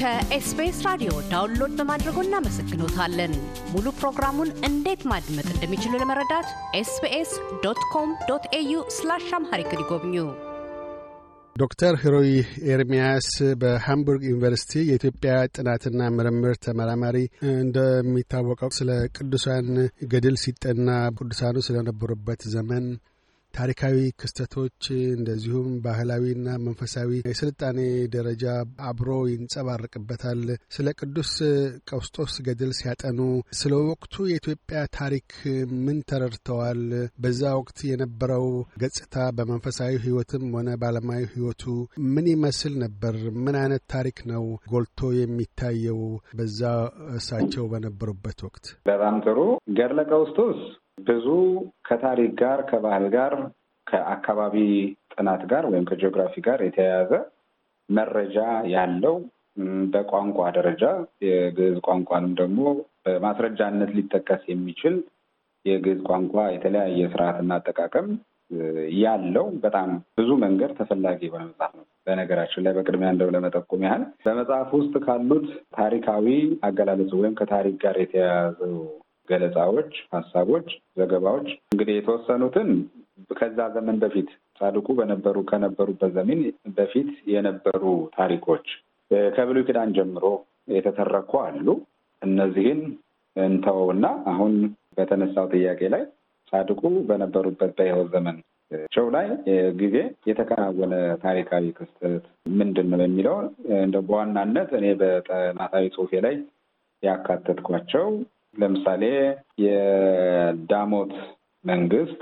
ከኤስቢኤስ ራዲዮ ዳውንሎድ በማድረጎ እናመሰግኖታለን። ሙሉ ፕሮግራሙን እንዴት ማድመጥ እንደሚችሉ ለመረዳት ኤስቢኤስ ዶት ኮም ዶት ኤዩ ስላሽ አምሃሪክ ይጎብኙ። ዶክተር ሂሮይ ኤርሚያስ በሃምቡርግ ዩኒቨርሲቲ የኢትዮጵያ ጥናትና ምርምር ተመራማሪ፣ እንደሚታወቀው ስለ ቅዱሳን ገድል ሲጠና ቅዱሳኑ ስለነበሩበት ዘመን ታሪካዊ ክስተቶች እንደዚሁም ባህላዊና መንፈሳዊ የስልጣኔ ደረጃ አብሮ ይንጸባረቅበታል። ስለ ቅዱስ ቀውስጦስ ገድል ሲያጠኑ ስለ ወቅቱ የኢትዮጵያ ታሪክ ምን ተረድተዋል? በዛ ወቅት የነበረው ገጽታ በመንፈሳዊ ሕይወትም ሆነ በዓለማዊ ሕይወቱ ምን ይመስል ነበር? ምን አይነት ታሪክ ነው ጎልቶ የሚታየው በዛ እሳቸው በነበሩበት ወቅት? በጣም ጥሩ ገድለ ቀውስጦስ ብዙ ከታሪክ ጋር ከባህል ጋር ከአካባቢ ጥናት ጋር ወይም ከጂኦግራፊ ጋር የተያያዘ መረጃ ያለው በቋንቋ ደረጃ የግዕዝ ቋንቋንም ደግሞ በማስረጃነት ሊጠቀስ የሚችል የግዕዝ ቋንቋ የተለያየ ስርዓትና አጠቃቀም ያለው በጣም ብዙ መንገድ ተፈላጊ የሆነ መጽሐፍ ነው። በነገራችን ላይ በቅድሚያ እንደው ለመጠቆም ያህል በመጽሐፍ ውስጥ ካሉት ታሪካዊ አገላለጽ ወይም ከታሪክ ጋር የተያያዘው ገለጻዎች፣ ሀሳቦች፣ ዘገባዎች እንግዲህ የተወሰኑትን ከዛ ዘመን በፊት ጻድቁ በነበሩ ከነበሩበት ዘመን በፊት የነበሩ ታሪኮች ከብሉይ ኪዳን ጀምሮ የተተረኩ አሉ። እነዚህን እንተወውና አሁን በተነሳው ጥያቄ ላይ ጻድቁ በነበሩበት በሕይወት ዘመን ቸው ላይ ጊዜ የተከናወነ ታሪካዊ ክስተት ምንድን ነው የሚለው እንደ በዋናነት እኔ በጥናታዊ ጽሁፌ ላይ ያካተትኳቸው ለምሳሌ የዳሞት መንግስት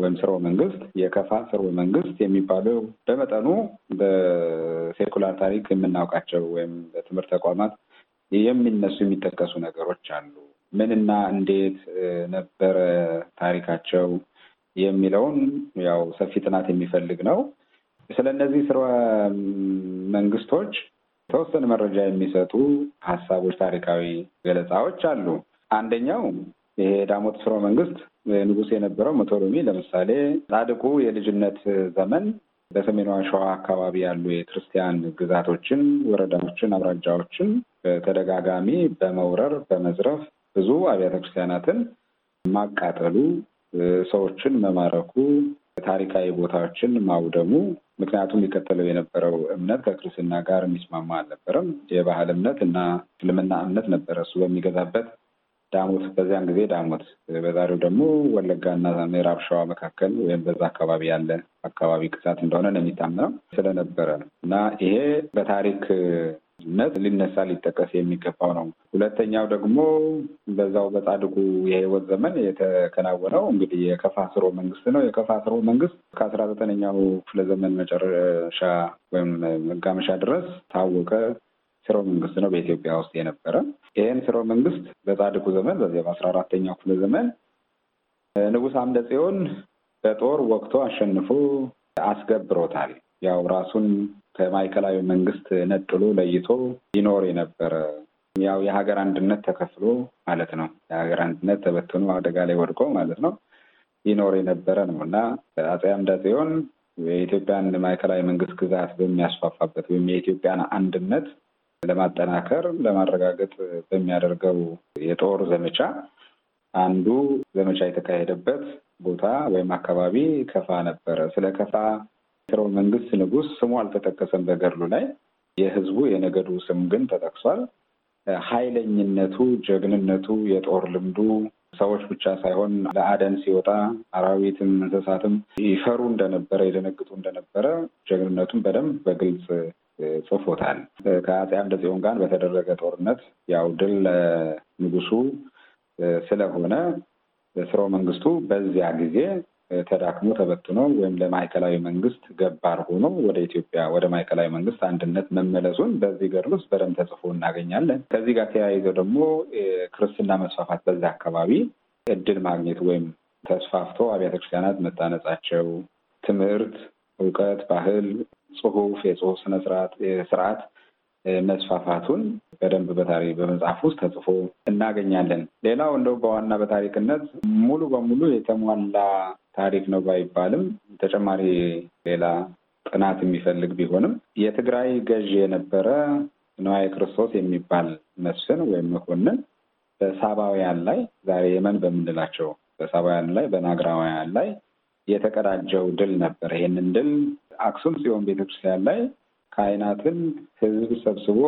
ወይም ስርወ መንግስት የከፋ ስርወ መንግስት የሚባለው በመጠኑ በሴኩላር ታሪክ የምናውቃቸው ወይም በትምህርት ተቋማት የሚነሱ የሚጠቀሱ ነገሮች አሉ። ምንና እንዴት ነበረ ታሪካቸው የሚለውን ያው ሰፊ ጥናት የሚፈልግ ነው። ስለ እነዚህ ስርወ መንግስቶች የተወሰነ መረጃ የሚሰጡ ሀሳቦች፣ ታሪካዊ ገለጻዎች አሉ። አንደኛው ይሄ ዳሞት ስርወ መንግስት ንጉስ የነበረው መቶሎሚ ለምሳሌ ጻድቁ የልጅነት ዘመን በሰሜኗ ሸዋ አካባቢ ያሉ የክርስቲያን ግዛቶችን፣ ወረዳዎችን፣ አብራጃዎችን በተደጋጋሚ በመውረር በመዝረፍ ብዙ አብያተ ክርስቲያናትን ማቃጠሉ፣ ሰዎችን መማረኩ፣ ታሪካዊ ቦታዎችን ማውደሙ ምክንያቱም ሊከተለው የነበረው እምነት ከክርስትና ጋር የሚስማማ አልነበረም። የባህል እምነት እና እስልምና እምነት ነበረ እሱ በሚገዛበት ዳሞት፣ በዚያን ጊዜ ዳሞት፣ በዛሬው ደግሞ ወለጋና ምዕራብ ሸዋ መካከል ወይም በዛ አካባቢ ያለ አካባቢ ግዛት እንደሆነ ነው የሚታምነው ስለነበረ ነው እና ይሄ በታሪክ ወዳጅነት ሊነሳ ሊጠቀስ የሚገባው ነው። ሁለተኛው ደግሞ በዛው በጻድቁ የህይወት ዘመን የተከናወነው እንግዲህ የከፋ መንግስት ነው። የከፋ ስርወ መንግስት ከአስራ ዘጠነኛው ክፍለ ዘመን መጨረሻ ወይም መጋመሻ ድረስ ታወቀ ስሮ መንግስት ነው በኢትዮጵያ ውስጥ የነበረ። ይህን ስሮ መንግስት በጻድቁ ዘመን በዚያ በአስራ አራተኛው ክፍለ ዘመን ንጉስ አምደ ጽዮን በጦር ወቅቶ አሸንፎ አስገብሮታል። ያው ራሱን ከማዕከላዊ መንግስት ነጥሎ ለይቶ ይኖር የነበረ ያው የሀገር አንድነት ተከፍሎ ማለት ነው። የሀገር አንድነት ተበትኖ አደጋ ላይ ወድቆ ማለት ነው ይኖር የነበረ ነው እና አጼ አምደ ጽዮን የኢትዮጵያን ማዕከላዊ መንግስት ግዛት በሚያስፋፋበት ወይም የኢትዮጵያን አንድነት ለማጠናከር ለማረጋገጥ በሚያደርገው የጦር ዘመቻ አንዱ ዘመቻ የተካሄደበት ቦታ ወይም አካባቢ ከፋ ነበረ። ስለ ከፋ የስርወ መንግስት ንጉስ ስሙ አልተጠቀሰም በገድሉ ላይ የህዝቡ የነገዱ ስም ግን ተጠቅሷል። ኃይለኝነቱ፣ ጀግንነቱ፣ የጦር ልምዱ ሰዎች ብቻ ሳይሆን ለአደን ሲወጣ አራዊትም እንስሳትም ይፈሩ እንደነበረ ይደነግጡ እንደነበረ ጀግንነቱን በደንብ በግልጽ ጽፎታል። ከአፄ አምደ ጽዮን ጋር በተደረገ ጦርነት ያው ድል ለንጉሱ ስለሆነ ስርወ መንግስቱ በዚያ ጊዜ ተዳክሞ ተበትኖ ወይም ለማዕከላዊ መንግስት ገባር ሆኖ ወደ ኢትዮጵያ ወደ ማዕከላዊ መንግስት አንድነት መመለሱን በዚህ ገድል ውስጥ በደንብ ተጽፎ እናገኛለን። ከዚህ ጋር ተያይዘው ደግሞ ክርስትና መስፋፋት በዛ አካባቢ እድል ማግኘት ወይም ተስፋፍቶ አብያተ ክርስቲያናት መታነጻቸው፣ ትምህርት፣ እውቀት፣ ባህል፣ ጽሁፍ፣ የጽሁፍ ስነስርዓት ስርዓት መስፋፋቱን በደንብ በታሪክ በመጽሐፍ ውስጥ ተጽፎ እናገኛለን። ሌላው እንደው በዋና በታሪክነት ሙሉ በሙሉ የተሟላ ታሪክ ነው ባይባልም ተጨማሪ ሌላ ጥናት የሚፈልግ ቢሆንም የትግራይ ገዥ የነበረ ንዋየ ክርስቶስ የሚባል መስፍን ወይም መኮንን በሳባውያን ላይ ዛሬ የመን በምንላቸው በሳባውያን ላይ በናግራውያን ላይ የተቀዳጀው ድል ነበር። ይህንን ድል አክሱም ጽዮን ቤተክርስቲያን ላይ ካህናትን ህዝብ ሰብስቦ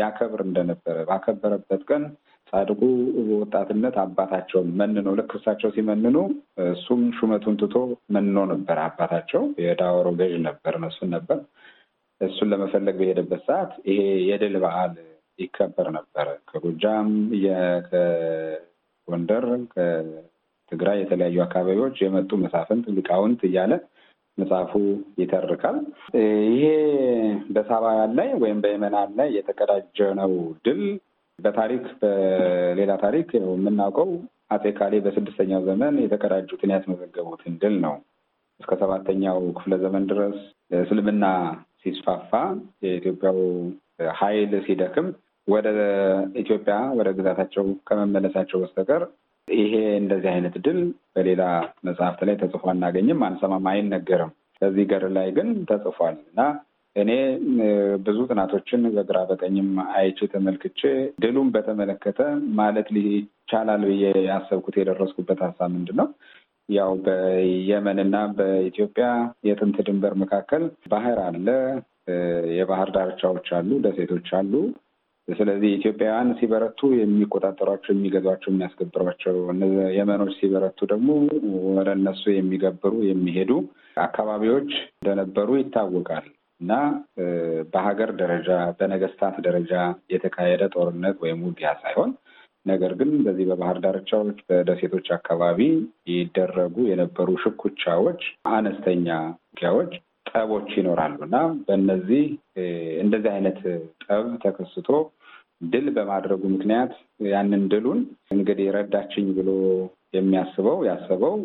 ያከብር እንደነበረ ባከበረበት ቀን ጻድቁ ወጣትነት አባታቸውን መንኖ ልክ እሳቸው ሲመንኑ እሱም ሹመቱን ትቶ መንኖ ነበር። አባታቸው የዳወሮ ገዥ ነበር፣ እነሱን ነበር። እሱን ለመፈለግ በሄደበት ሰዓት ይሄ የድል በዓል ይከበር ነበር። ከጎጃም፣ ከጎንደር፣ ከትግራይ የተለያዩ አካባቢዎች የመጡ መሳፍንት፣ ሊቃውንት እያለ መጽሐፉ ይተርካል። ይሄ በሳባውያን ላይ ወይም በየመናን ላይ የተቀዳጀ ነው ድል በታሪክ በሌላ ታሪክ የምናውቀው አጼ ካሌ በስድስተኛው ዘመን የተቀዳጁትን ያስመዘገቡትን ድል ነው። እስከ ሰባተኛው ክፍለ ዘመን ድረስ እስልምና ሲስፋፋ የኢትዮጵያው ኃይል ሲደክም ወደ ኢትዮጵያ ወደ ግዛታቸው ከመመለሳቸው በስተቀር ይሄ እንደዚህ አይነት ድል በሌላ መጽሐፍት ላይ ተጽፎ አናገኝም፣ አንሰማም፣ አይነገርም። ከዚህ ገር ላይ ግን ተጽፏል እና እኔ ብዙ ጥናቶችን በግራ በቀኝም አይቼ ተመልክቼ ድሉም በተመለከተ ማለት ሊቻላል ብዬ ያሰብኩት የደረስኩበት ሀሳብ ምንድን ነው? ያው በየመንና በኢትዮጵያ የጥንት ድንበር መካከል ባህር አለ፣ የባህር ዳርቻዎች አሉ፣ ደሴቶች አሉ። ስለዚህ ኢትዮጵያውያን ሲበረቱ የሚቆጣጠሯቸው፣ የሚገዟቸው፣ የሚያስገብሯቸው የመኖች ሲበረቱ ደግሞ ወደ እነሱ የሚገብሩ የሚሄዱ አካባቢዎች እንደነበሩ ይታወቃል። እና በሀገር ደረጃ በነገስታት ደረጃ የተካሄደ ጦርነት ወይም ውጊያ ሳይሆን ነገር ግን በዚህ በባህር ዳርቻዎች በደሴቶች አካባቢ ይደረጉ የነበሩ ሽኩቻዎች፣ አነስተኛ ውጊያዎች፣ ጠቦች ይኖራሉ እና በእነዚህ እንደዚህ አይነት ጠብ ተከስቶ ድል በማድረጉ ምክንያት ያንን ድሉን እንግዲህ ረዳችኝ ብሎ የሚያስበው ያሰበው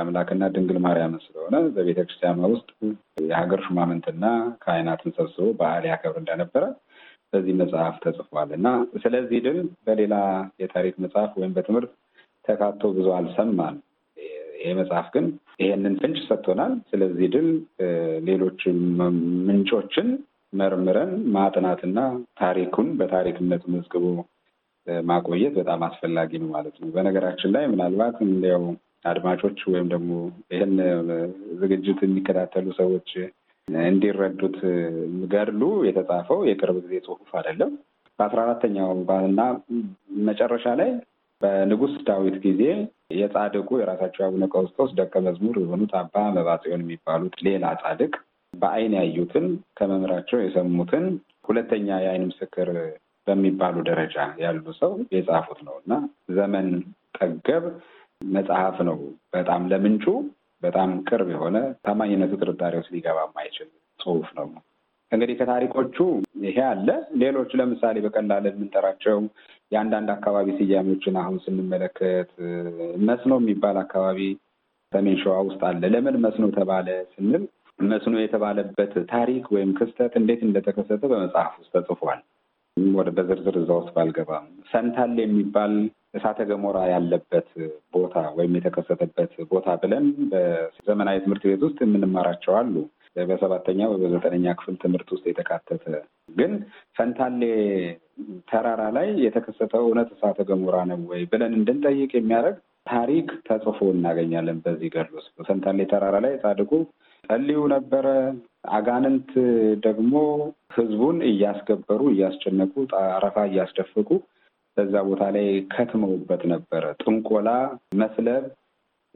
አምላክና ድንግል ማርያም ስለሆነ በቤተ ክርስቲያኗ ውስጥ የሀገር ሹማምንትና ካህናትን ሰብስቦ በዓል ያከብር እንደነበረ በዚህ መጽሐፍ ተጽፏል እና ስለዚህ ድል በሌላ የታሪክ መጽሐፍ ወይም በትምህርት ተካቶ ብዙ አልሰማን። ይሄ መጽሐፍ ግን ይሄንን ፍንጭ ሰጥቶናል። ስለዚህ ድል ሌሎች ምንጮችን መርምረን ማጥናትና ታሪኩን በታሪክነት መዝግቦ ማቆየት በጣም አስፈላጊ ነው ማለት ነው። በነገራችን ላይ ምናልባት እንዲያው አድማጮች ወይም ደግሞ ይህን ዝግጅት የሚከታተሉ ሰዎች እንዲረዱት ገድሉ የተጻፈው የቅርብ ጊዜ ጽሁፍ አይደለም። በአስራ አራተኛው እና መጨረሻ ላይ በንጉስ ዳዊት ጊዜ የጻድቁ የራሳቸው አቡነ ቀውስጦስ ደቀ መዝሙር የሆኑት አባ መባጽዮን የሚባሉት ሌላ ጻድቅ በአይን ያዩትን ከመምህራቸው የሰሙትን ሁለተኛ የአይን ምስክር በሚባሉ ደረጃ ያሉ ሰው የጻፉት ነው እና ዘመን ጠገብ መጽሐፍ ነው። በጣም ለምንጩ በጣም ቅርብ የሆነ ታማኝነቱ ጥርጣሬ ውስጥ ሊገባ የማይችል ጽሁፍ ነው። እንግዲህ ከታሪኮቹ ይሄ አለ። ሌሎች ለምሳሌ በቀላል የምንጠራቸው የአንዳንድ አካባቢ ስያሜዎችን አሁን ስንመለከት መስኖ የሚባል አካባቢ ሰሜን ሸዋ ውስጥ አለ። ለምን መስኖ ተባለ ስንል መስኖ የተባለበት ታሪክ ወይም ክስተት እንዴት እንደተከሰተ በመጽሐፍ ውስጥ ተጽፏል። ወደ በዝርዝር እዛ ውስጥ ባልገባም ሰንታል የሚባል እሳተ ገሞራ ያለበት ቦታ ወይም የተከሰተበት ቦታ ብለን በዘመናዊ ትምህርት ቤት ውስጥ የምንማራቸው አሉ። በሰባተኛ ወይ በዘጠነኛ ክፍል ትምህርት ውስጥ የተካተተ ግን ፈንታሌ ተራራ ላይ የተከሰተው እውነት እሳተ ገሞራ ነው ወይ ብለን እንድንጠይቅ የሚያደርግ ታሪክ ተጽፎ እናገኛለን። በዚህ ገድል ውስጥ በፈንታሌ ተራራ ላይ ጻድቁ ጸልዩ ነበረ። አጋንንት ደግሞ ህዝቡን እያስገበሩ እያስጨነቁ አረፋ እያስደፈቁ በዛ ቦታ ላይ ከትመውበት ነበረ። ጥንቆላ፣ መስለብ፣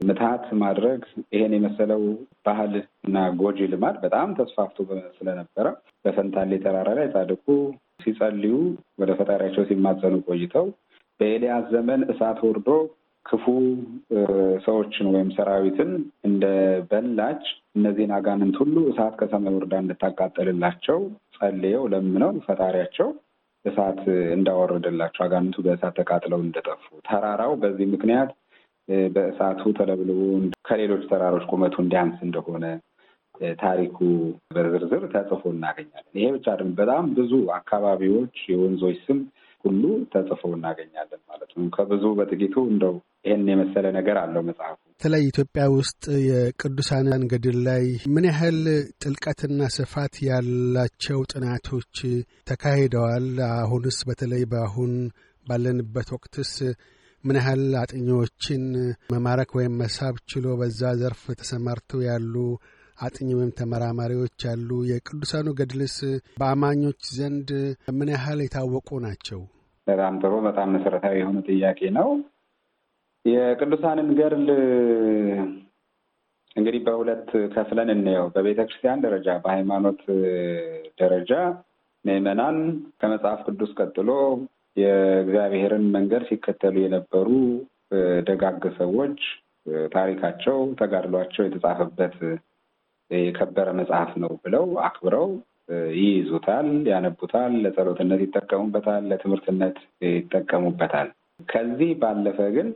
ምትሃት ማድረግ ይሄን የመሰለው ባህል እና ጎጂ ልማድ በጣም ተስፋፍቶ ስለነበረ በፈንታሌ ተራራ ላይ ጻድቁ ሲጸልዩ ወደ ፈጣሪያቸው ሲማጸኑ ቆይተው በኤልያስ ዘመን እሳት ወርዶ ክፉ ሰዎችን ወይም ሰራዊትን እንደ በላች እነዚህን አጋንንት ሁሉ እሳት ከሰማይ ወርዳ እንድታቃጠልላቸው ጸልየው ለምነው ፈጣሪያቸው እሳት እንዳወረደላቸው አጋንንቱ በእሳት ተቃጥለው እንደጠፉ ተራራው በዚህ ምክንያት በእሳቱ ተለብልቦ ከሌሎች ተራሮች ቁመቱ እንዲያንስ እንደሆነ ታሪኩ በዝርዝር ተጽፎ እናገኛለን። ይሄ ብቻ አይደለም። በጣም ብዙ አካባቢዎች የወንዞች ስም ሁሉ ተጽፎ እናገኛለን ማለት ነው። ከብዙ በጥቂቱ እንደው ይህን የመሰለ ነገር አለው መጽሐፉ። በተለይ ኢትዮጵያ ውስጥ የቅዱሳን ገድል ላይ ምን ያህል ጥልቀትና ስፋት ያላቸው ጥናቶች ተካሂደዋል? አሁንስ በተለይ በአሁን ባለንበት ወቅትስ ምን ያህል አጥኚዎችን መማረክ ወይም መሳብ ችሎ በዛ ዘርፍ ተሰማርተው ያሉ አጥኚ ወይም ተመራማሪዎች ያሉ የቅዱሳኑ ገድልስ በአማኞች ዘንድ ምን ያህል የታወቁ ናቸው? በጣም ጥሩ፣ በጣም መሰረታዊ የሆነ ጥያቄ ነው። የቅዱሳንን ገድል እንግዲህ በሁለት ከፍለን እንየው። በቤተ ክርስቲያን ደረጃ በሃይማኖት ደረጃ ምዕመናን ከመጽሐፍ ቅዱስ ቀጥሎ የእግዚአብሔርን መንገድ ሲከተሉ የነበሩ ደጋግ ሰዎች ታሪካቸው፣ ተጋድሏቸው የተጻፈበት የከበረ መጽሐፍ ነው ብለው አክብረው ይይዙታል፣ ያነቡታል፣ ለጸሎትነት ይጠቀሙበታል፣ ለትምህርትነት ይጠቀሙበታል። ከዚህ ባለፈ ግን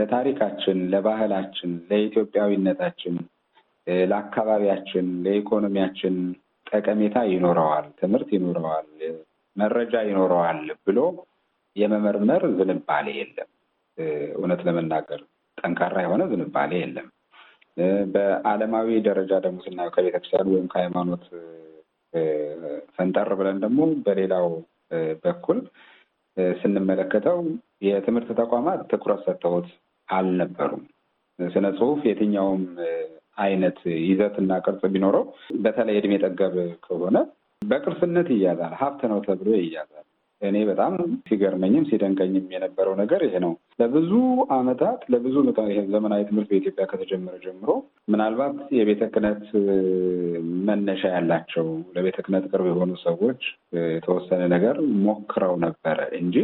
ለታሪካችን፣ ለባህላችን፣ ለኢትዮጵያዊነታችን፣ ለአካባቢያችን፣ ለኢኮኖሚያችን ጠቀሜታ ይኖረዋል፣ ትምህርት ይኖረዋል፣ መረጃ ይኖረዋል ብሎ የመመርመር ዝንባሌ የለም። እውነት ለመናገር ጠንካራ የሆነ ዝንባሌ የለም። በዓለማዊ ደረጃ ደግሞ ስናየው ከቤተክርስቲያን ወይም ከሃይማኖት ፈንጠር ብለን ደግሞ በሌላው በኩል ስንመለከተው የትምህርት ተቋማት ትኩረት ሰጥተውት አልነበሩም። ስነ ጽሁፍ የትኛውም አይነት ይዘትና ቅርጽ ቢኖረው በተለይ እድሜ ጠገብ ከሆነ በቅርስነት ይያዛል፣ ሀብት ነው ተብሎ ይያዛል። እኔ በጣም ሲገርመኝም ሲደንቀኝም የነበረው ነገር ይሄ ነው። ለብዙ ዓመታት ለብዙ ዘመናዊ ትምህርት በኢትዮጵያ ከተጀመረ ጀምሮ ምናልባት የቤተ ክህነት መነሻ ያላቸው ለቤተ ክህነት ቅርብ የሆኑ ሰዎች የተወሰነ ነገር ሞክረው ነበረ እንጂ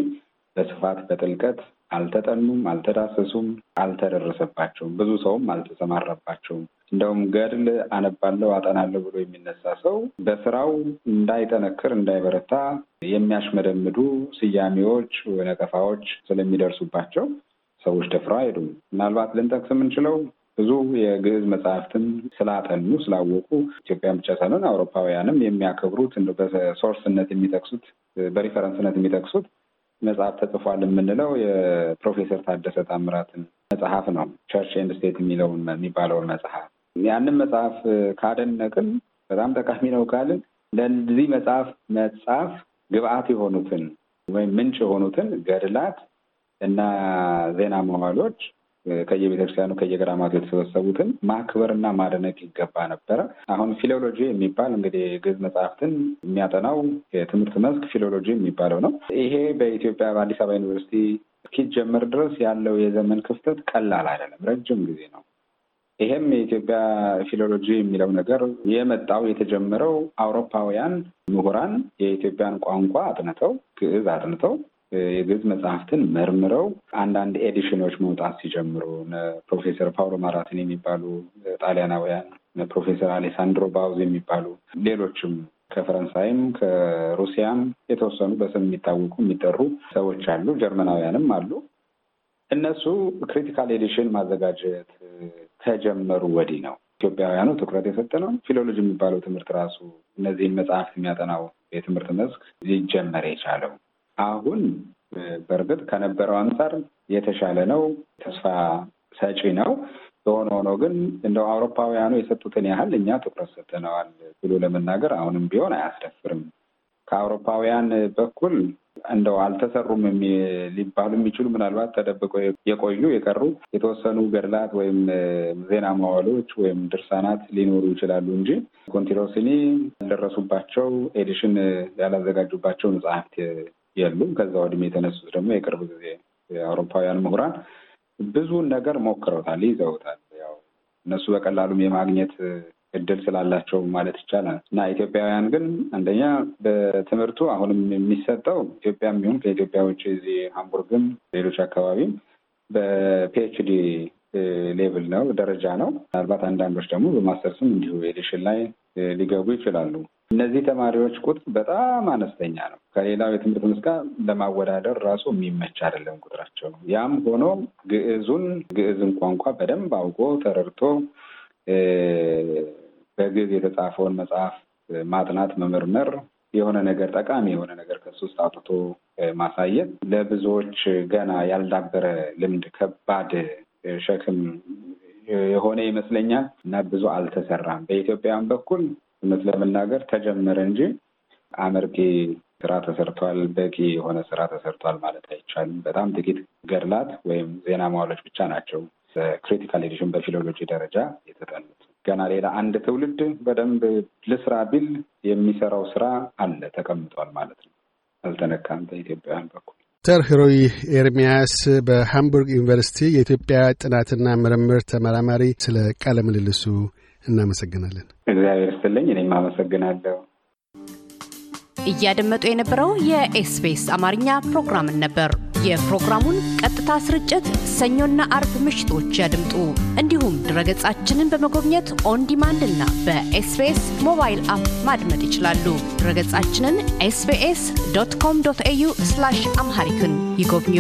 በስፋት በጥልቀት አልተጠኑም፣ አልተዳሰሱም፣ አልተደረሰባቸውም። ብዙ ሰውም አልተሰማራባቸውም። እንደውም ገድል አነባለሁ አጠናለሁ ብሎ የሚነሳ ሰው በስራው እንዳይጠነክር እንዳይበረታ የሚያሽመደምዱ ስያሜዎች፣ ነቀፋዎች ስለሚደርሱባቸው ሰዎች ደፍረው አይሄዱም። ምናልባት ልንጠቅስ የምንችለው ብዙ የግዕዝ መጽሐፍትን ስላጠኑ ስላወቁ ኢትዮጵያን ብቻ ሳይሆን አውሮፓውያንም የሚያከብሩት በሶርስነት የሚጠቅሱት በሪፈረንስነት የሚጠቅሱት መጽሐፍ ተጽፏል የምንለው የፕሮፌሰር ታደሰ ታምራትን መጽሐፍ ነው። ቸርች ኤንድ ስቴት የሚለውን የሚባለውን መጽሐፍ ያንን መጽሐፍ ካደነቅን በጣም ጠቃሚ ነው ካልን ለዚህ መጽሐፍ መጽሐፍ ግብአት የሆኑትን ወይም ምንጭ የሆኑትን ገድላት እና ዜና መዋሎች ከየቤተክርስቲያኑ ከየገራማቱ የተሰበሰቡትን ማክበርና ማድነቅ ይገባ ነበረ። አሁን ፊሎሎጂ የሚባል እንግዲህ ግዕዝ መጽሐፍትን የሚያጠናው የትምህርት መስክ ፊሎሎጂ የሚባለው ነው። ይሄ በኢትዮጵያ በአዲስ አበባ ዩኒቨርሲቲ እስኪጀመር ድረስ ያለው የዘመን ክፍተት ቀላል አይደለም፣ ረጅም ጊዜ ነው። ይሄም የኢትዮጵያ ፊሎሎጂ የሚለው ነገር የመጣው የተጀመረው አውሮፓውያን ምሁራን የኢትዮጵያን ቋንቋ አጥንተው ግዕዝ አጥንተው የግዕዝ መጽሐፍትን መርምረው አንዳንድ ኤዲሽኖች መውጣት ሲጀምሩ ፕሮፌሰር ፓውሎ ማራትን የሚባሉ ጣሊያናውያን፣ ፕሮፌሰር አሌሳንድሮ ባውዝ የሚባሉ ሌሎችም ከፈረንሳይም ከሩሲያም የተወሰኑ በስም የሚታወቁ የሚጠሩ ሰዎች አሉ። ጀርመናውያንም አሉ። እነሱ ክሪቲካል ኤዲሽን ማዘጋጀት ከጀመሩ ወዲህ ነው ኢትዮጵያውያኑ ትኩረት የሰጠ ነው። ፊሎሎጂ የሚባለው ትምህርት ራሱ እነዚህን መጽሐፍት የሚያጠናው የትምህርት መስክ ሊጀመር የቻለው አሁን በእርግጥ ከነበረው አንጻር የተሻለ ነው፣ ተስፋ ሰጪ ነው። በሆነ ሆኖ ግን እንደው አውሮፓውያኑ የሰጡትን ያህል እኛ ትኩረት ሰጥነዋል ብሎ ለመናገር አሁንም ቢሆን አያስደፍርም። ከአውሮፓውያን በኩል እንደው አልተሰሩም ሊባሉ የሚችሉ ምናልባት ተደብቀው የቆዩ የቀሩ የተወሰኑ ገድላት ወይም ዜና መዋሎች ወይም ድርሳናት ሊኖሩ ይችላሉ እንጂ ኮንቲሮሲኒ ያልደረሱባቸው ኤዲሽን ያላዘጋጁባቸው መጽሐፍት የሉም። ከዛ ወድሜ የተነሱት ደግሞ የቅርብ ጊዜ የአውሮፓውያን ምሁራን ብዙን ነገር ሞክረውታል፣ ይዘውታል። ያው እነሱ በቀላሉም የማግኘት እድል ስላላቸው ማለት ይቻላል እና ኢትዮጵያውያን ግን አንደኛ በትምህርቱ አሁንም የሚሰጠው ኢትዮጵያ ይሁን ከኢትዮጵያ ውጭ እዚህ ሀምቡርግም ሌሎች አካባቢም በፒኤችዲ ሌቭል ነው ደረጃ ነው። ምናልባት አንዳንዶች ደግሞ በማስተርስም እንዲሁ ኤዲሽን ላይ ሊገቡ ይችላሉ። እነዚህ ተማሪዎች ቁጥር በጣም አነስተኛ ነው። ከሌላው የትምህርት መስክ ለማወዳደር ራሱ የሚመች አይደለም ቁጥራቸው። ያም ሆኖ ግዕዙን ግዕዝን ቋንቋ በደንብ አውቆ ተረድቶ በግዕዝ የተጻፈውን መጽሐፍ ማጥናት፣ መመርመር የሆነ ነገር ጠቃሚ የሆነ ነገር ከሱ ውስጥ አውጥቶ ማሳየት ለብዙዎች ገና ያልዳበረ ልምድ ከባድ ሸክም የሆነ ይመስለኛል እና ብዙ አልተሰራም። በኢትዮጵያን በኩል እውነት ለመናገር ተጀመረ እንጂ አመርቂ ስራ ተሰርቷል፣ በቂ የሆነ ስራ ተሰርቷል ማለት አይቻልም። በጣም ጥቂት ገድላት ወይም ዜና መዋሎች ብቻ ናቸው ክሪቲካል ኤዲሽን በፊሎሎጂ ደረጃ የተጠኑት። ገና ሌላ አንድ ትውልድ በደንብ ልስራ ቢል የሚሰራው ስራ አለ ተቀምጧል ማለት ነው። አልተነካም በኢትዮጵያውያን በኩል። ዶክተር ኤርሚያስ በሃምቡርግ ዩኒቨርሲቲ የኢትዮጵያ ጥናትና ምርምር ተመራማሪ፣ ስለ ቃለ ምልልሱ እናመሰግናለን። እግዚአብሔር ይስጥልኝ። እኔም አመሰግናለሁ። እያደመጡ የነበረው የኤስቢኤስ አማርኛ ፕሮግራምን ነበር። የፕሮግራሙን ቀጥታ ስርጭት ሰኞና አርብ ምሽቶች ያድምጡ። እንዲሁም ድረገጻችንን በመጎብኘት ኦን ዲማንድ እና በኤስቢኤስ ሞባይል አፕ ማድመጥ ይችላሉ። ድረገጻችንን ኤስቢኤስ ዶት ኮም ዶት ኤዩ አምሃሪክን ይጎብኙ።